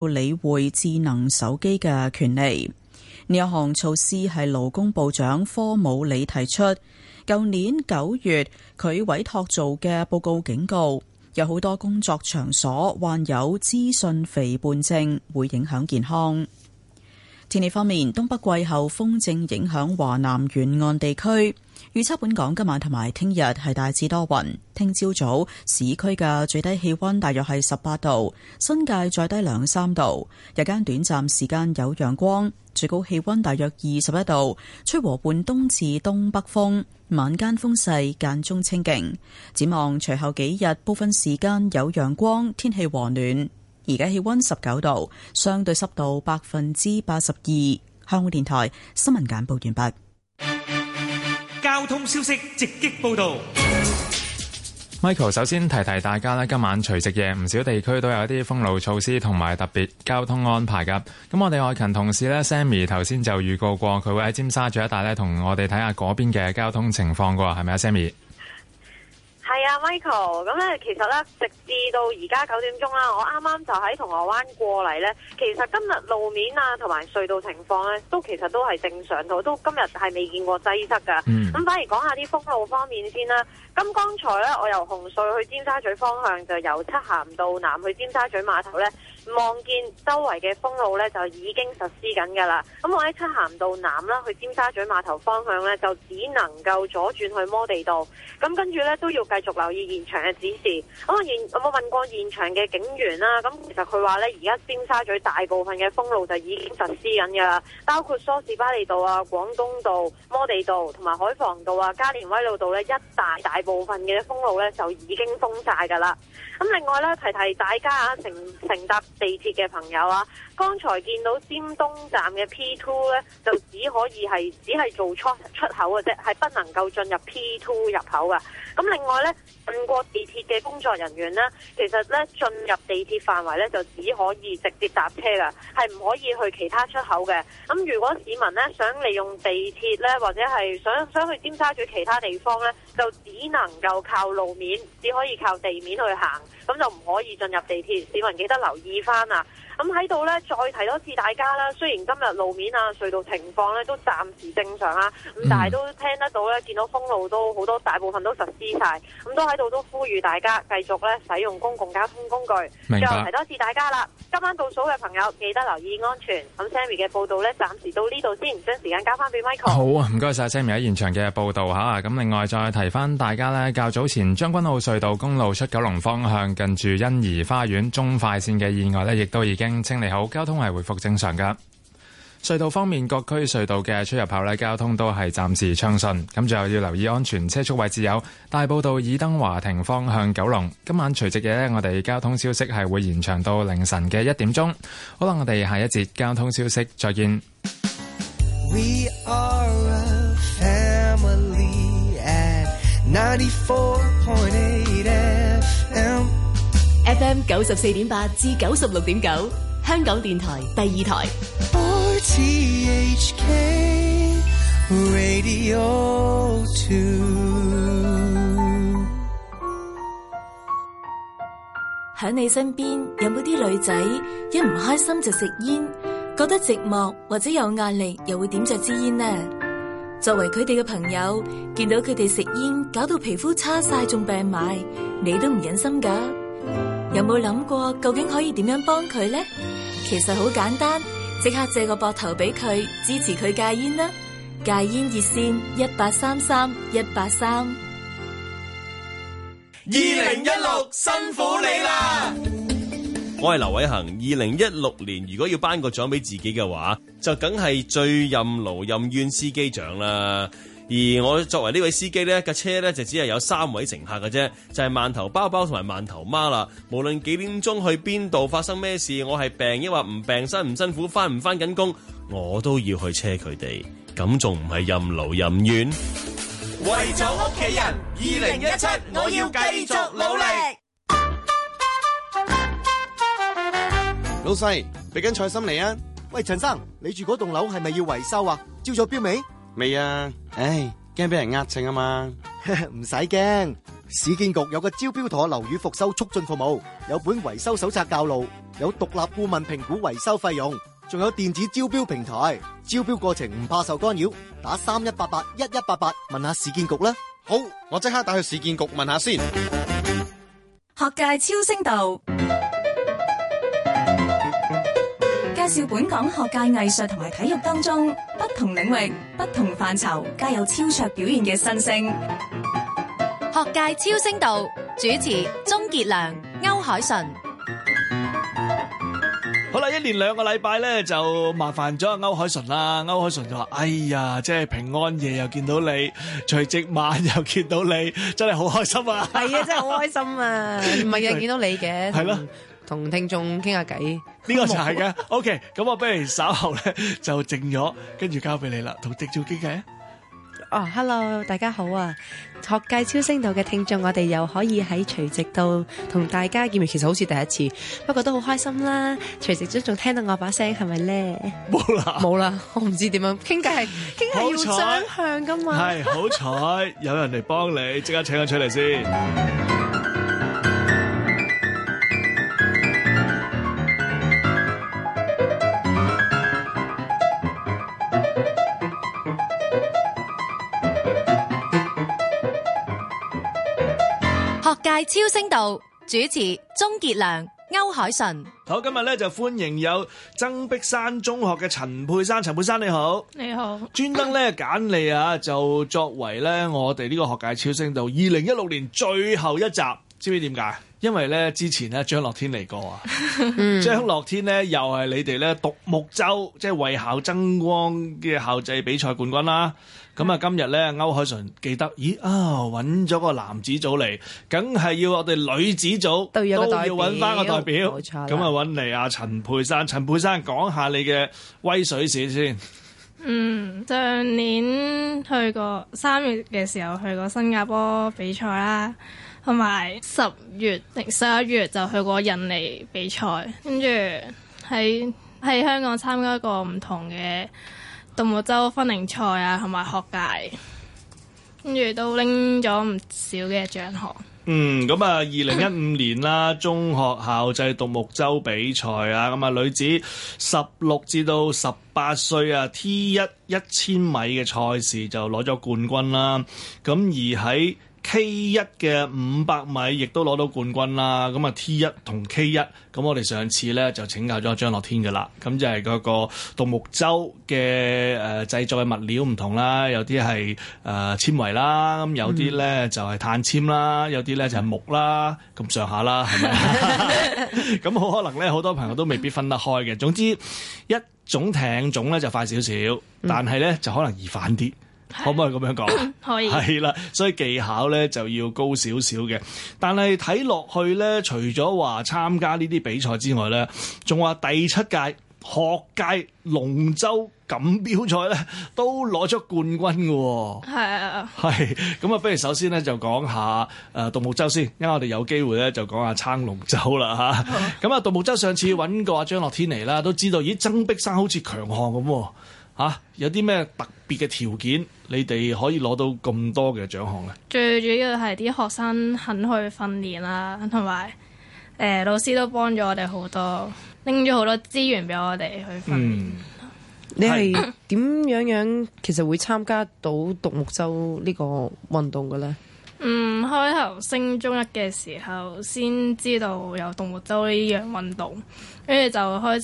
要理會智能手機嘅權利。呢一項措施係勞工部長科姆里提出。舊年九月，佢委託做嘅報告警告，有好多工作場所患有資訊肥胖症，會影響健康。天氣方面，東北季候風正影響華南沿岸地區。預測本港今晚同埋聽日係大致多雲，聽朝早，早市區嘅最低氣溫大約係十八度，新界再低兩三度。日間短暫時間有陽光，最高氣溫大約二十一度，吹和緩東至東北風。晚間風勢間中清勁。展望隨後幾日部分時間有陽光，天氣和暖。而家氣溫十九度，相對濕度百分之八十二。香港電台新聞簡報完畢。交通消息直擊報道，Michael 首先提提大家咧，今晚除夕夜唔少地區都有一啲封路措施同埋特別交通安排噶。咁我哋外勤同事咧，Sammy 頭先就預告過，佢會喺尖沙咀一帶咧，同我哋睇下嗰邊嘅交通情況噶，係咪啊，Sammy？係啊，Michael，咁咧，其實咧，直至到而家九點鐘啦，我啱啱就喺銅鑼灣過嚟咧，其實今日路面啊，同埋隧道情況咧，都其實都係正常，都都今日係未見過擠塞噶，咁、嗯、反而講下啲封路方面先啦。咁剛才咧，我由紅隧去尖沙咀方向，就由漆咸道南去尖沙咀碼頭咧，望見周圍嘅封路咧，就已經實施緊噶啦。咁我喺漆咸道南啦，去尖沙咀碼頭方向咧，就只能夠左轉去摩地道。咁跟住咧，都要繼續留意現場嘅指示。咁現有冇問過現場嘅警員啦？咁其實佢話咧，而家尖沙咀大部分嘅封路就已經實施緊噶啦，包括梳士巴利道啊、廣東道、摩地道同埋海防道啊、加連威老道呢，一大大，大。部分嘅封路呢，就已經封晒噶啦。咁另外呢，提提大家啊，乘乘搭地鐵嘅朋友啊，剛才見到尖東站嘅 P2 呢，就只可以係只係做出出口嘅啫，係不能夠進入 P2 入口噶。咁另外呢，運過地鐵嘅工作人員呢，其實呢，進入地鐵範圍呢，就只可以直接搭車噶，係唔可以去其他出口嘅。咁如果市民呢，想利用地鐵呢，或者係想想去尖沙咀其他地方呢，就只能能夠靠路面，只可以靠地面去行，咁就唔可以進入地鐵。市民記得留意返啊！咁喺度咧，嗯嗯、再提多次大家啦。雖然今日路面啊、隧道情況咧都暫時正常啦，咁但係都聽得到咧，見到封路都好多，大部分都實施晒，咁都喺度都呼籲大家繼續咧使用公共交通工具。明白。最後提多次大家啦，今晚倒數嘅朋友記得留意安全。咁 Sammy 嘅報道咧，暫時到呢度先，將時間交翻俾 Michael。好啊，唔該晒 Sammy 喺現場嘅報道吓。咁另外再提翻大家咧，較早前將軍澳隧道公路出九龍方向近住欣怡花園中快線嘅意外咧，亦都已經。清理好，交通係回復正常噶。隧道方面，各區隧道嘅出入口啦，交通都係暫時暢順。咁就要留意安全車速位置有大埔道爾登華庭方向九龍。今晚除夕夜咧，我哋交通消息係會延長到凌晨嘅一點鐘。好啦，我哋下一節交通消息再見。We are a FM 九十四點八至九十六點九，香港電台第二台。RTHK Radio Two。喺你身邊有冇啲女仔一唔開心就食煙，覺得寂寞或者有壓力又會點着支煙呢？作為佢哋嘅朋友，見到佢哋食煙，搞到皮膚差晒，仲病埋，你都唔忍心噶。有冇諗過究竟可以點樣幫佢咧？其實好簡單，即刻借個膊頭俾佢，支持佢戒煙啦！戒煙熱線一八三三一八三。二零一六辛苦你啦！我係劉偉恒。二零一六年如果要頒個獎俾自己嘅話，就梗係最任勞任怨司機獎啦。而我作為呢位司機，呢架車呢，就只係有三位乘客嘅啫，就係、是、饅頭包包同埋饅頭媽啦。無論幾點鐘去邊度發生咩事，我係病抑或唔病，辛唔辛苦，翻唔翻緊工，我都要去車佢哋，咁仲唔係任勞任怨？為咗屋企人，二零一七，我要繼續努力。老細，俾緊菜心嚟！啊！喂，陳生，你住嗰棟樓係咪要維修啊？招咗標未？未啊！唉，驚俾人呃稱啊嘛。唔使驚，市建局有個招標妥樓宇復修促進服務，有本維修手冊教路，有獨立顧問評估維修費用，仲有電子招標平台，招標過程唔怕受干擾，打三一八八一一八八問下市建局啦。好，我即刻打去市建局問下先。學界超聲道。介紹本港學界藝術同埋體育當中不同領域、不同範疇皆有超卓表現嘅新星。學界超星道主持鍾杰良、歐鎧淳。好啦，一連兩個禮拜咧就麻煩咗歐鎧淳啦。歐鎧淳就話：哎呀，即係平安夜又見到你，除夕晚又見到你，真係好開心啊！係啊，真係好開心啊！唔係日日見到你嘅。係囉。同聽眾傾下偈，呢個就係嘅。 OK，咁我不如稍後咧就靜咗，跟住交俾你啦，同聽眾傾偈、oh, 啊。Hello，大家好啊！學界超聲道嘅聽眾，我哋又可以喺除夕度同大家見面，其實好似第一次，不過都好開心啦。除夕都仲聽到我把聲，係咪咧？冇啦有，冇 啦，我唔知點樣傾偈，傾偈 要雙向噶嘛。係，好彩有人嚟幫你，即刻請佢出嚟先。 超聲道主持鍾傑良、歐鎧淳，好，今日咧就歡迎有曾璧山中學嘅陳佩珊，陳佩珊你好，你好，專登咧揀你啊，就作為咧我哋呢個學界超聲道二零一六年最後一集，知唔知點解？因為咧之前咧張樂天嚟過啊，張樂 天咧又係你哋咧獨木舟，即係為校爭光嘅校際比賽冠軍啦。咁啊，今日咧，歐鎧淳記得，咦啊，揾、哦、咗個男子組嚟，梗係要我哋女子組都要揾翻個代表。咁啊，揾嚟阿陳佩珊，陳佩珊講下你嘅威水史先。嗯，上年去過三月嘅時候去過新加坡比賽啦，同埋十月、定十一月就去過印尼比賽，跟住喺喺香港參加過唔同嘅獨木舟分齡賽啊，同埋學界，跟住都拎咗唔少嘅獎項。嗯，咁啊，二零一五年啦， 中學校際獨木舟比賽啊，咁啊女子十六至到十八歲啊，T1 一千米嘅賽事就攞咗冠軍啦，啊。咁而喺 K 一嘅五百米亦都攞到冠軍啦，咁啊 T 一同 K 一，咁我哋上次咧就請教咗張樂天噶、呃呃、啦，咁就係個個獨木舟嘅誒製作嘅物料唔同啦，有啲係誒纖維啦，咁有啲咧就係碳纖啦，有啲咧就係木啦，咁上下啦，係咪？咁好 可能咧，好多朋友都未必分得開嘅。總之一種艇種咧就快少少，但係咧就可能易反啲。可唔可以咁樣講？ 可以。係啦，所以技巧咧就要高少少嘅。但係睇落去咧，除咗話參加呢啲比賽之外咧，仲話第七屆學界龍舟錦標賽咧都攞出冠軍嘅，哦。係啊，係。 咁啊，不如首先咧就講下誒獨、呃、木舟先，因為我哋有機會咧就講下撐龍舟啦吓。咁啊，獨 木舟上次揾過阿張樂天嚟啦，都知道咦曾璧山好似強項咁。吓、啊，有啲咩特別嘅條件，你哋可以攞到咁多嘅獎項咧？最主要係啲學生肯去訓練啦，同埋誒老師都幫咗我哋好多，拎咗好多資源俾我哋去訓練。嗯、你係點樣樣其實會參加到獨木舟呢個運動嘅咧？嗯，開頭升中一嘅時候先知道有獨木舟呢樣運動，跟住就開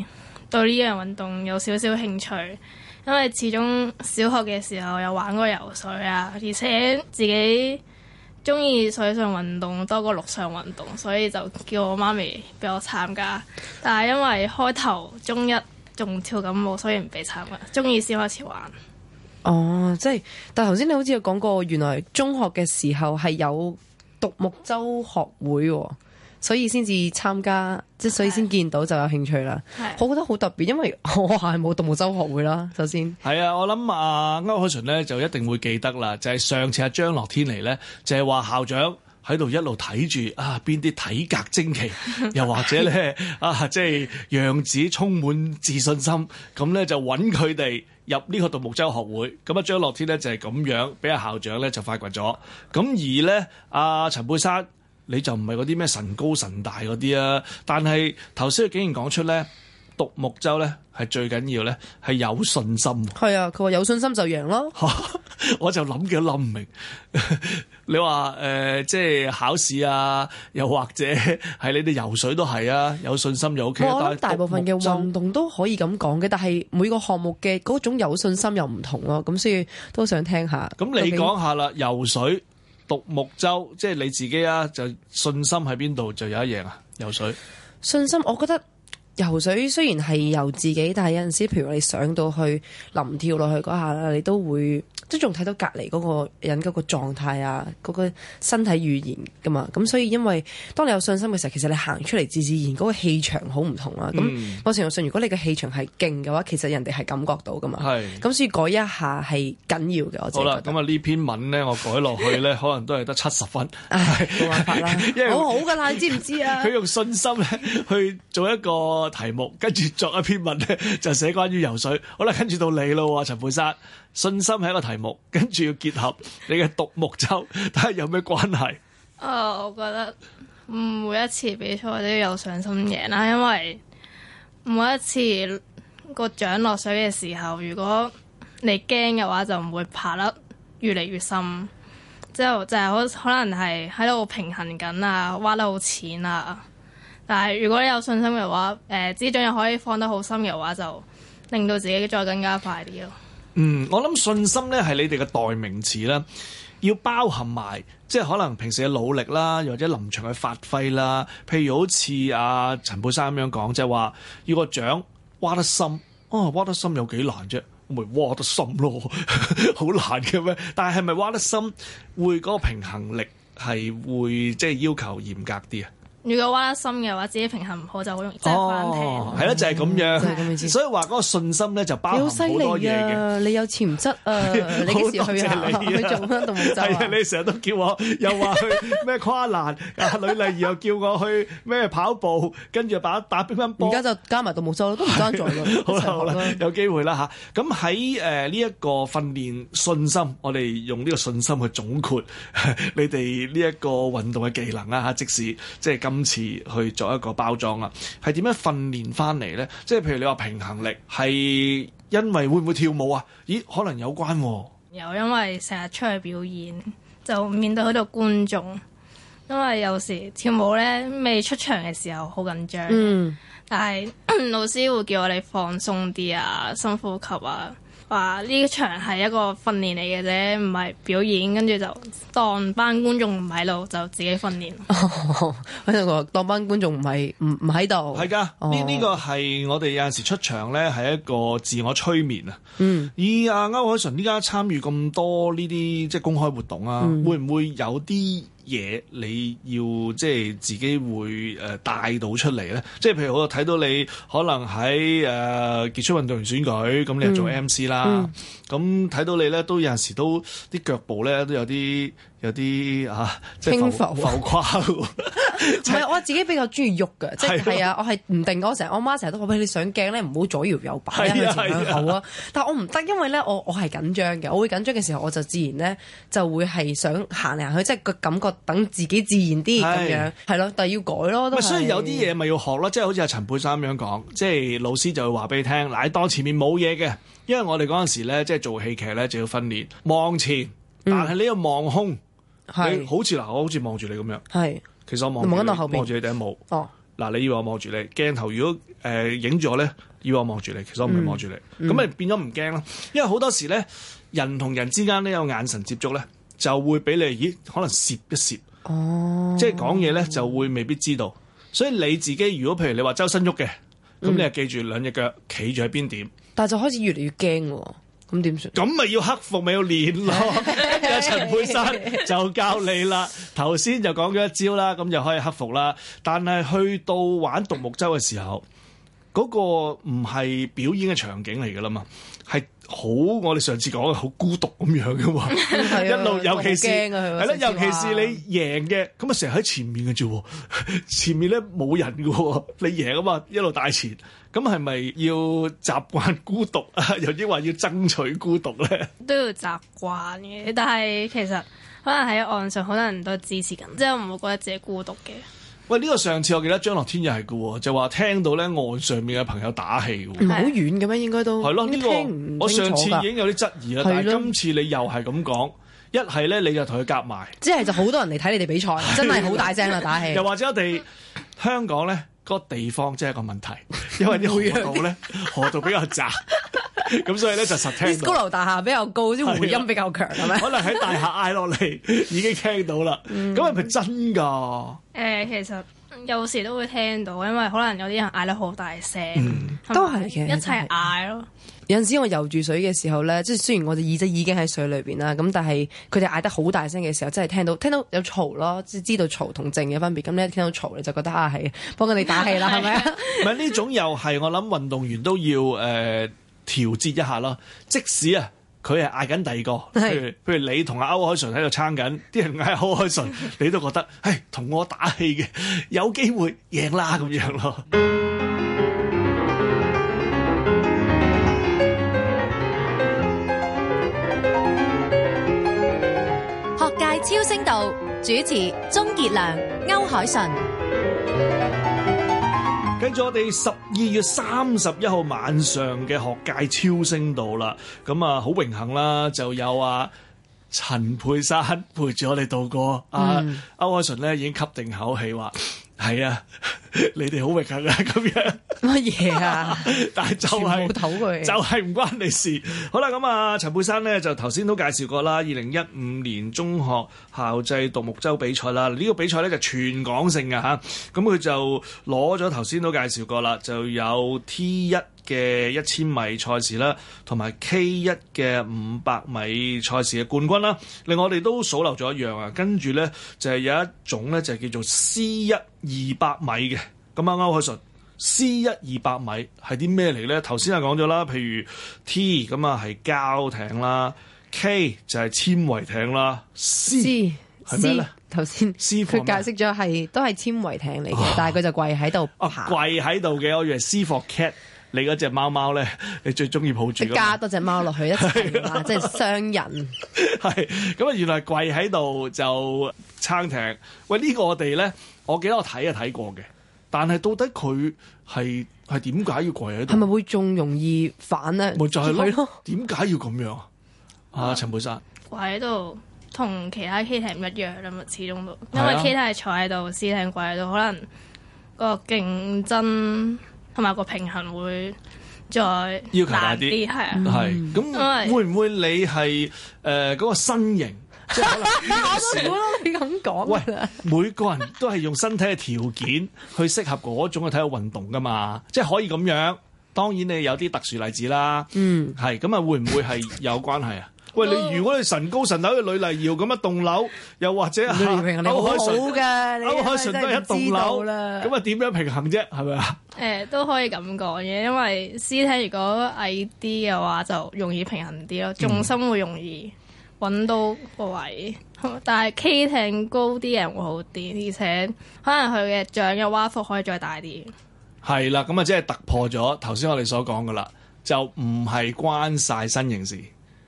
始對呢樣運動有少少興趣，因為始終小學嘅時候有玩過游水啊，而且自己中意水上運動多過陸上運動，所以就叫我媽咪俾我參加。但係因為開頭中一仲跳緊舞，所以唔俾參加，中二先開始玩。哦，即係，但係頭先你好似有講過，原來中學嘅時候係有獨木舟學會。所以先至參加，即係所以先見到 Okay. 就有興趣啦。Okay. 我覺得好特別，因為我係冇獨木舟學會啦。首先係啊，我諗啊、呃，歐鎧淳咧就一定會記得啦。就係、是、上次阿、啊、張樂天嚟咧，就係、是、話校長喺度一路睇住啊，邊啲體格精奇，又或者咧 啊，即係樣子充滿自信心。咁咧就揾佢哋入呢個獨木舟學會。咁啊，張樂天咧就係、是、咁樣俾阿校長咧就發掘咗。咁而咧，阿、呃呃、陳佩珊。你就唔係嗰啲咩神高神大嗰啲啊！但係頭先佢竟然講出咧，獨木舟咧係最緊要咧，係有信心。係啊，佢話有信心就贏咯。我就諗嘅諗唔明，你話誒即係考試啊，又或者係你哋游水都係啊，有信心就 OK。我覺得大部分嘅運動都可以咁講嘅，但係每個項目嘅嗰種有信心又唔同咯。咁所以都想聽下。咁你講下啦，游水。獨木舟，即係你自己啊，就信心喺邊度就有一贏啊。游水，信心，我覺得。游水雖然係游自己，但係有陣時，譬如你上到去臨跳落去嗰下啦，你都會即仲睇到隔離嗰個人嗰個狀態啊，嗰個身體語言㗎嘛。咁所以因為當你有信心嘅時候，其實你行出嚟自自然，嗰個氣場好唔同啊。咁、嗯、我成日信，如果你嘅氣場係勁嘅話，其實人哋係感覺到㗎嘛。係是。咁所以改一下係緊要嘅。我知，好啦，咁啊呢篇文咧，我改落去咧， 可能都係得七十分。冇辦法啦，好好㗎啦，你知唔知啊？佢用信心咧去做一個。個題目跟住作一篇文咧， 就寫關於游水。好啦，跟住到你啦，陳佩珊。信心係一個題目，跟住要結合你嘅獨木舟，睇下 有咩關係。誒、哦，我覺得唔每一次比賽都有上心贏啦，因為每一次個槳落水嘅時候，如果你驚嘅話，就唔會爬得越嚟越深。之後就係可、就是、好可能係喺度平衡緊啊，挖得好淺啊。但係如果你有信心嘅話，誒支槳又可以放得好深嘅話，就令到自己再更加快啲咯。嗯，我諗信心咧係你哋嘅代名詞啦，要包含埋即係可能平時嘅努力啦，又或者臨場嘅發揮啦。譬如好似阿、啊、陳佩珊咁樣講，即係話要個槳挖得深，哦、啊、挖得深有幾難啫，咪挖得深咯，好 難嘅咩？但係係咪挖得深會嗰個平衡力係會即係、就是、要求嚴格啲啊？如果挖心嘅話，自己平衡唔好就好容易即係翻艇。係咯，就係咁樣。所以話嗰個信心咧就包含好多嘢嘅。你好犀利啊！你有潛質啊！好多謝你啊！係啊！你成日都叫我，又話去咩跨欄啊？呂麗瑤又叫我去咩跑步，跟住把打乒乓波。而家就加埋獨木舟啦，都唔爭在啦。好啦，有機會啦嚇。咁喺誒呢一個訓練信心，我哋用呢個信心去總括你哋呢一個運動嘅技能啦嚇。即使即係咁。今次去做一個包裝啦，係點樣訓練翻嚟呢？即係譬如你話平衡力，係因為會唔會跳舞啊？咦，可能有關，啊。有因為成日出去表演，就面對好多觀眾。因為有時跳舞呢，未出場嘅時候好緊張，嗯，但係老師會叫我哋放鬆啲啊，深呼吸啊。話呢場係一個訓練嚟嘅啫，唔係表演，跟住就當班觀眾唔喺度，就自己訓練。嗰個 當班觀眾唔喺唔唔喺度。係㗎，呢呢的、哦呢個係我哋有陣時出場咧，係一個自我催眠啊。嗯，而阿歐鎧淳依家參與咁多呢啲即係公開活動啊，嗯、會唔會有啲？嘢你要即係自己會誒帶、呃、到出嚟咧，即係譬如我睇到你可能喺誒傑出運動員選舉，咁你又做 MC 啦，咁睇，嗯嗯、到你咧都有陣時都啲腳步咧都有啲有啲啊，即係浮浮誇。浮誇 唔係我自己比較中意喐㗎，即係係啊，我係唔定嘅。我成日，我媽成日都話俾你上鏡咧，唔好左搖右擺啊，前向後啊。但我唔得，因為咧，我我係緊張嘅。我會緊張嘅時候，我就自然咧就會係想行嚟行去，即係個感覺等自己自然啲咁樣。係咯，但係要改咯。所以有啲嘢咪要學咯，即係好似阿陳佩珊咁樣講，即係老師就會話俾你聽，嗱，你當前面冇嘢嘅，因為我哋嗰陣時咧，即係做戲劇咧就要訓練望前，但係你要望空，好似嗱，我好似望住你咁樣，係。其實我望望住你頂帽。哦，嗱，你以為我望住你，鏡頭如果誒影住我咧，以為我望住你，其實我唔係望住你，咁咪、嗯、變咗唔驚咯。因為好多時咧，人同人之間呢，有眼神接觸咧，就會俾你，咦，可能攝一攝。哦。即係講嘢咧，就會未必知道。所以你自己如果譬如你話周身喐嘅，咁、嗯、你就記住兩隻腳企住喺邊點。嗯、但係就開始越嚟越驚、哦。咁點算？咁咪要克服，咪要練咯。阿 陳佩珊就教你啦。頭先就講咗一招啦，咁就可以克服啦。但係去到玩獨木舟嘅時候，嗰個唔係表演嘅場景嚟㗎啦嘛。係好，我哋上次講嘅好孤獨咁樣嘅嘛，一路尤其是係啦，啊、尤其是你贏嘅咁啊，成日喺前面嘅啫，前面咧冇人嘅，你贏啊嘛，一路帶前，咁係咪要習慣孤獨啊？又抑或要爭取孤獨咧？都要習慣嘅，但係其實可能喺岸上，好多人都支持緊，即係我唔會覺得自己孤獨嘅。喂，呢、呢個上次我記得張樂天又係嘅，就話聽到咧岸上面嘅朋友打氣，唔係好遠嘅咩？應該都係咯。呢了個我上次已經有啲質疑啦，的但係今次你又係咁講，一係咧你就同佢夾埋，即係就好多人嚟睇你哋比賽， 真係好大聲啦，啊、打氣。 又或者我哋香港咧、個地方真係個問題，因為啲河道咧 河道比較窄。 咁所以咧就實聽到，高樓大廈比較高，啲回音比較強，係咪？可能喺大廈嗌落嚟已經聽到啦。咁係咪真噶？誒，其實有時都會聽到，因為可能有啲人嗌得好大聲，都係嘅，一齊嗌咯。有陣時我游住水嘅時候咧，即係雖然我哋耳仔已經喺水裏邊啦，咁但係佢哋嗌得好大聲嘅時候，真係聽到，聽到有嘈咯，即知道嘈同靜嘅分別。咁你一聽到嘈你就覺得啊，係幫佢哋打氣啦，係咪？唔係呢種又係我諗運動員都要誒。調節一下咯，即使啊，佢係嗌緊第二個，譬如譬如你同阿歐鎧淳喺度撐緊，啲人嗌阿歐鎧淳， 你都覺得，嘿，同我打氣嘅，有機會贏啦咁樣咯。學界超聲道主持：鍾傑良、歐鎧淳。跟住我哋十二月三十一號晚上嘅學界超聲度啦，咁啊好榮幸啦，就有啊，陳佩珊陪住我哋度過，嗯、啊，歐鎧淳咧已經吸定口氣話，係啊。 你哋好榮幸啊，咁樣乜嘢啊？啊 但係就係唞佢，就係唔關你事。嗯、好啦，咁啊陳佩珊呢就頭先都介紹過啦，二零一五年中學校際獨木舟比賽啦，呢、這個比賽呢就是、全港性嘅吓。咁佢就攞咗頭先都介紹過啦，就有 T 一嘅一千米賽事啦，同埋 K 一嘅五百米賽事嘅冠軍啦。另外我哋都數漏咗一樣啊，跟住呢，就係、是、有一種呢，就係叫做 C 一。二百米嘅咁啱啱鎧淳 C 1二百米係啲咩嚟咧？頭先係講咗啦，譬如 T 咁啊係膠艇啦，K 就係纖維艇啦，C c 頭先佢解釋咗係都係纖維艇嚟嘅，哦、但係佢就跪喺度爬、啊、跪喺度嘅，我以為係 C for cat，你嗰隻貓貓咧，你最中意抱住加多隻貓落去一齊啦， 即係雙人係咁啊！原來跪喺度就撐艇喂，呢、這個我哋咧。我記得我睇啊睇過嘅，但係到底佢係係點解要跪喺度？係咪會仲容易反咧？咪就係咯，點解要咁樣啊？陳佩珊，跪喺度同其他 k t 唔一樣啦嘛，始終都因為 k t 坐喺度，C 艇跪喺度，可能個競爭同埋個平衡會再要求大啲，係啊，係咁。因為會唔會你係誒嗰個身形？我都估到你咁講。喂，每個人都係用身體嘅條件去適合嗰種嘅體育運動㗎嘛，即係可以咁樣。當然你有啲特殊例子啦。嗯，係咁啊，會唔會係有關係啊？喂，你如果你神高神矮嘅女麗瑤咁一棟樓，又或者係歐鎧淳都係一棟樓啦，咁啊點樣平衡啫？係咪啊？誒，都可以咁講嘅，因為身體如果矮啲嘅話，就容易平衡啲咯，重心會容易。揾到個位，但係 K 艇高啲人會好啲，而且可能佢嘅槳嘅蛙幅可以再大啲。係啦，咁啊，即係突破咗頭先我哋所講嘅啦，就唔係關晒身形事。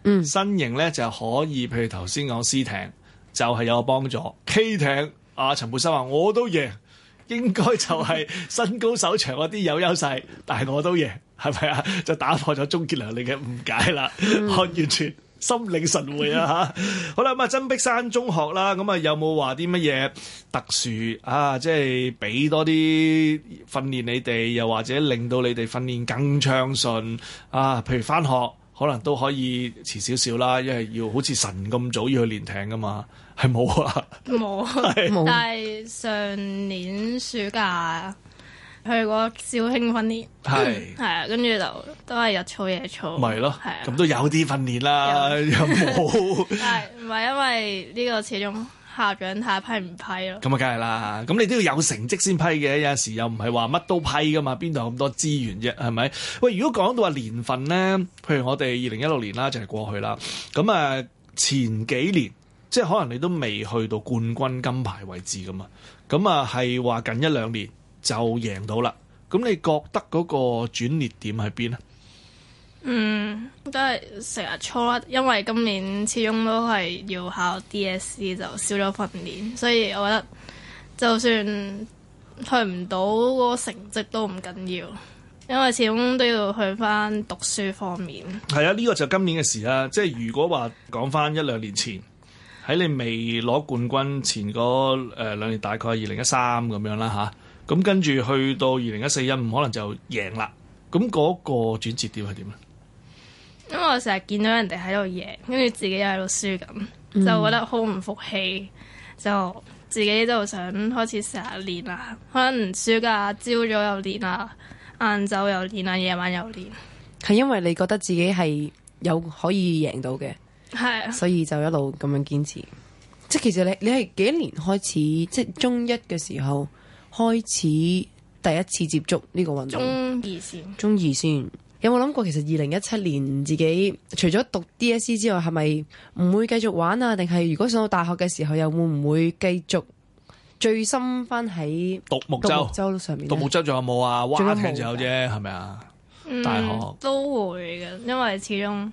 嗯，身形咧就可以，譬如頭先講 C 艇就係、是、有幫助。K 艇阿、啊、陳佩珊話我都贏，應該就係身高手長嗰啲有優勢， 但係我都贏，係咪啊？就打破咗鍾傑良你嘅誤解啦，嗯、 我完全。 心領神會啊！吓， 好啦咁啊，曾璧山中學啦，咁啊有冇話啲乜嘢特殊啊？即係俾多啲訓練你哋，又或者令到你哋訓練更暢順啊？譬如翻學可能都可以遲少少啦，因為要好似神咁早要去練艇噶嘛，係冇啊，冇啊，沒， 但係上年暑假。去過肇慶訓練，係係啊，跟住、嗯、就都係日操夜操，咪咯係咁都有啲訓練啦，有冇係唔係因為呢個始終校長睇下批唔批咯？咁啊，梗係啦。咁你都要有成績先批嘅，有陣時又唔係話乜都批噶嘛，邊度有咁多資源啫？係咪？喂，如果講到話年份咧，譬如我哋二零一六年啦，就係、是、過去啦。咁啊，前幾年即係可能你都未去到冠軍金牌位置噶嘛。咁啊，係話近一兩年，就贏到啦！咁你覺得嗰個轉捩點喺邊咧？嗯，都係成日錯啦，因為今年始終都係要考 DSE，就少咗訓練，所以我覺得就算去唔到嗰個成績都唔緊要，因為始終都要去翻讀書方面。係啊，呢、這個就今年嘅事啦，啊。即係如果話講翻一兩年前，喺你未攞冠軍前嗰、誒、呃、兩年，大概二零一三咁樣啦吓。啊咁跟住去到二零一四一五，可能就贏啦。咁嗰個轉折點係點咧？因為我成日見到人哋喺度贏，跟住自己又喺度輸咁，嗯、就覺得好唔服氣，就自己都想開始成日練啦。可能暑假朝早又練啦，晏晝又練啦，夜晚又練。係因為你覺得自己係有可以贏到嘅？係嘅。所以就一路咁樣堅持。即係其實你你係幾年開始？即係中一嘅時候。開始第一次接觸呢個運動，中意先，中意先。有冇諗過其實二零一七年自己除咗讀 DSE 之外，係咪唔會繼續玩啊？定係如果上到大學嘅時候，又會唔會繼續醉心返喺獨木舟上面？獨木舟仲有冇啊？划艇就有啫，係咪啊？大學、嗯、都會嘅，因為始終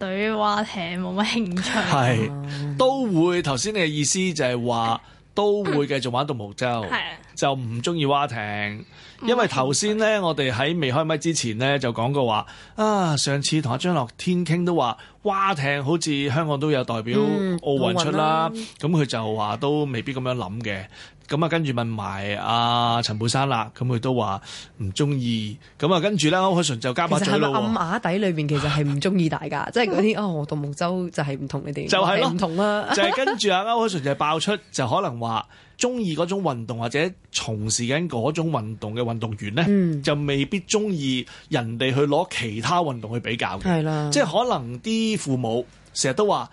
對划艇冇乜興趣。係是、啊、都會。頭先你嘅意思就係話都會繼續玩獨木舟。係。 就唔中意蛙艇，嗯、因為頭先咧，嗯、我哋喺未開麥之前咧就講過話啊，上次同阿張樂天傾都話蛙艇好似香港都有代表奧運出啦，咁佢、嗯、就話都未必咁樣諗嘅。咁啊，跟住問埋阿陳佩珊啦，咁佢都話唔中意。咁啊，跟住咧，歐鎧淳就加把嘴咯。其實暗啞底裏邊，其實係唔中意大家，即係嗰啲哦，我獨木舟就係唔同嘅地方，就係咯，唔同啦、啊。 就係跟住阿歐鎧淳就爆出，就可能話。中意嗰種運動或者從事緊嗰種運動嘅運動員呢，嗯、就未必中意人哋去攞其他運動去比較嘅。係啦，是的 即係可能啲父母成日都話。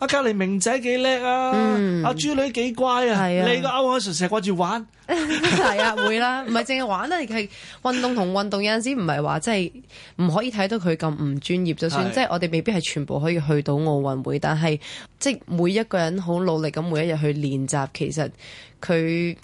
阿隔籬明仔幾叻啊！阿豬、啊嗯啊、女幾乖啊！啊你個歐鎧淳成日掛住玩係 啊，會啦，唔係淨係玩啦，係運動同運動有陣時唔係話即係唔可以睇到佢咁唔專業，就算即係、啊、我哋未必係全部可以去到奧運會，但係即係每一個人好努力咁每一日去練習，其實佢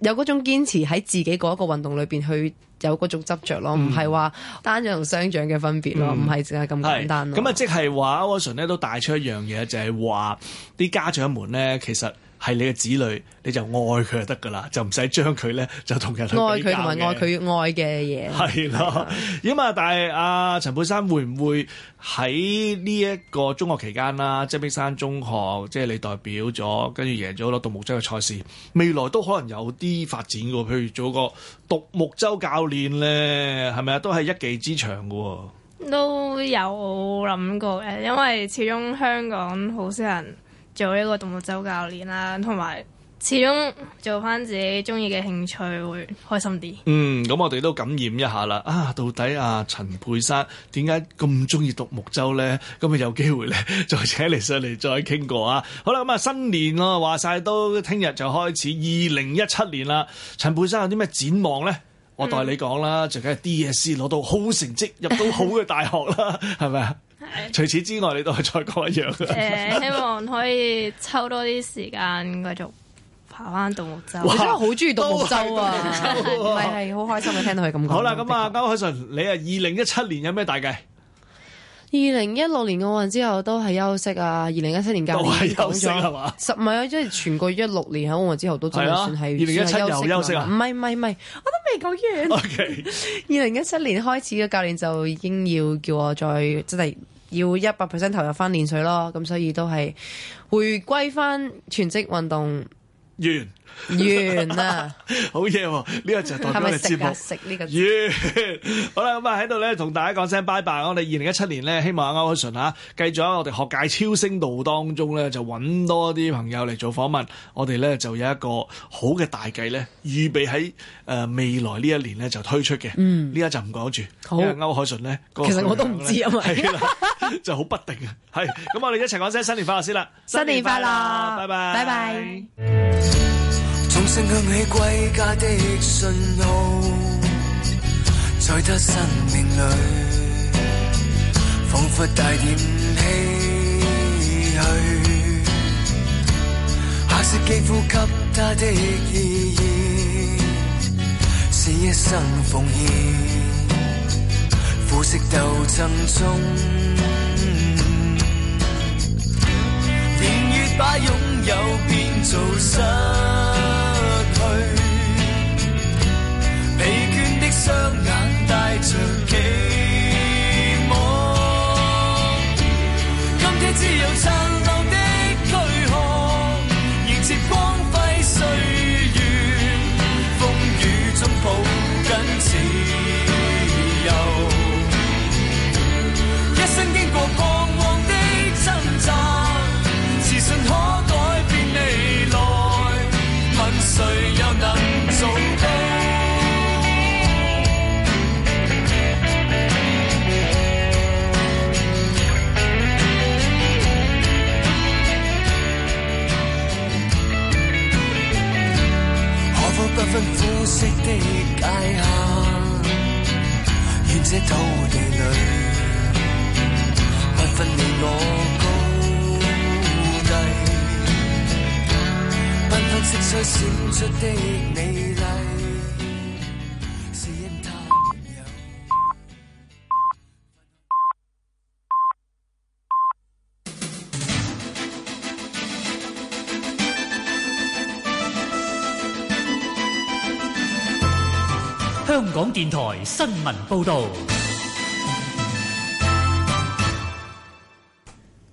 有嗰種堅持喺自己嗰一個運動裏邊去。有嗰種執著咯，唔係話單長同雙長嘅分別咯，唔係淨係咁簡單咯。咁啊，即係話阿阿純咧都帶出一樣嘢，就係話啲家長們咧其實，係你嘅子女，你就愛佢就得噶啦，就唔使將佢咧就同人去比較嘅。愛佢同埋愛佢愛嘅嘢。係啦的，咁啊的，但係啊陳佩珊會唔會喺呢一個中學期間啦，即璧山中學，即係你代表咗，跟住贏咗攞獨木舟嘅賽事，未來都可能有啲發展噶，譬如做個獨木舟教練咧，係咪啊？都係一技之長噶。都有諗過嘅，因為始終香港好少人。做一個獨木舟教練啦，同埋始終做翻自己中意嘅興趣會開心啲。嗯，咁我哋都感染一下啦。啊，到底阿、啊、陳佩珊點解咁中意獨木舟咧？今日有機會咧，來來再請你上嚟再傾過啊。好啦，咁啊新年啊。話晒都聽日就開始二零一七年啦。陳佩珊有啲咩展望咧？我代你講啦，就梗係 DSE 攞到好成績，入到好嘅大學啦，係咪啊？除此之外，你都係再講一樣。誒，希望可以抽多啲時間繼續爬翻動物洲。我真係好中意動物洲啊，係好 開心嘅聽到佢咁講。好啦，咁啊，歐鎧淳，你啊，二零一七年有咩大計？二零一六年奧運之後都係休息啊。二零一七年教係休息係嘛？十咪啊，即係全個一六年喺奧運之後都係啦。二零一七休息休息啊？唔係唔係唔係，我都未講完。二零一七年開始嘅教練就已經要叫我再真係。即要一百 percent 投入返練水咯，咁所以都係回歸返全職運動員。完啦！好嘢喎，呢、這個就台江嘅節目。食、 啊、Yeah. 呢個。好啦，咁啊喺度咧，同大家講聲拜拜。我哋二零一七年咧，希望歐鎧淳啊，繼續喺我哋學界超聲道當中咧，就揾多啲朋友嚟做訪問。我哋咧就有一個好嘅大計咧，預備喺誒、呃、未來呢一年咧就推出嘅。嗯。呢一就唔講住。好。歐鎧淳咧。那個、其實我都唔知、啊，因為啦 就好不定啊。係。咁我哋一齊講聲新年快樂先啦！新年快樂，拜拜。拜拜。 一聲響起歸家的訊號，在他生命裡，仿佛帶點唏噓。黑色肌膚給他的意義，是一生奉獻，膚色鬥爭中，年月把擁有變做失。雙眼帶著期望，今天只有殘留的軀殼，迎接光輝歲月，風雨中抱緊自由，一生經過。新聞報道。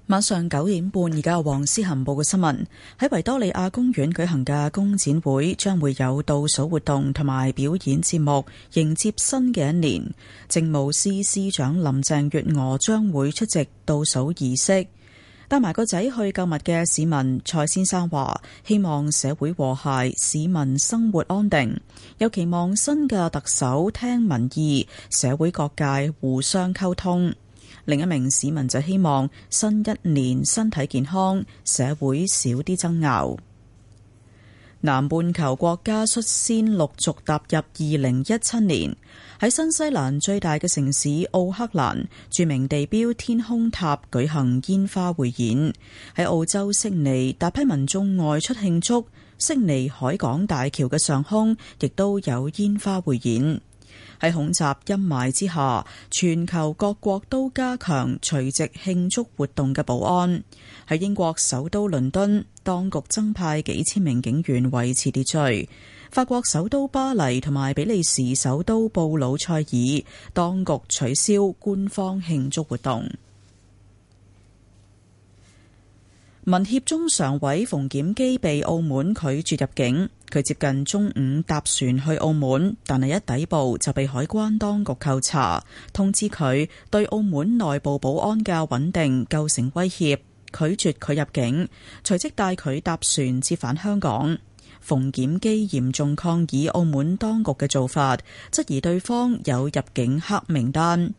晚上九點半，而家由黃思恆報嘅新聞，喺維多利亞公園舉行嘅公展會，將會有倒數活動同埋表演節目，迎接新嘅一年。政務司司長林鄭月娥將會出席倒數儀式。帶埋個仔去購物嘅市民蔡先生話：希望社會和諧，市民生活安定，又期望新嘅特首聽民意，社會各界互相溝通。另一名市民就希望新一年身體健康，社會少啲爭拗。南半球國家率先陸續踏入二零一七年，喺新西蘭最大嘅城市奧克蘭，著名地標天空塔舉行煙花匯演；喺澳洲悉尼，大批民眾外出慶祝，悉尼海港大橋嘅上空亦都有煙花匯演。喺恐襲陰霾之下，全球各國都加強除夕慶祝活動嘅保安。喺英國首都倫敦，當局增派幾千名警員維持秩序。法國首都巴黎同埋比利時首都布魯塞爾，當局取消官方慶祝活動。民協中常委馮檢基被澳門拒絕入境。佢接近中午搭船去澳門，但係一抵埗就被海關當局扣查，通知佢對澳門內部保安嘅穩定構成威脅，拒絕佢入境，隨即帶佢搭船折返香港。馮檢基嚴重抗議澳門當局嘅做法，質疑對方有入境黑名單。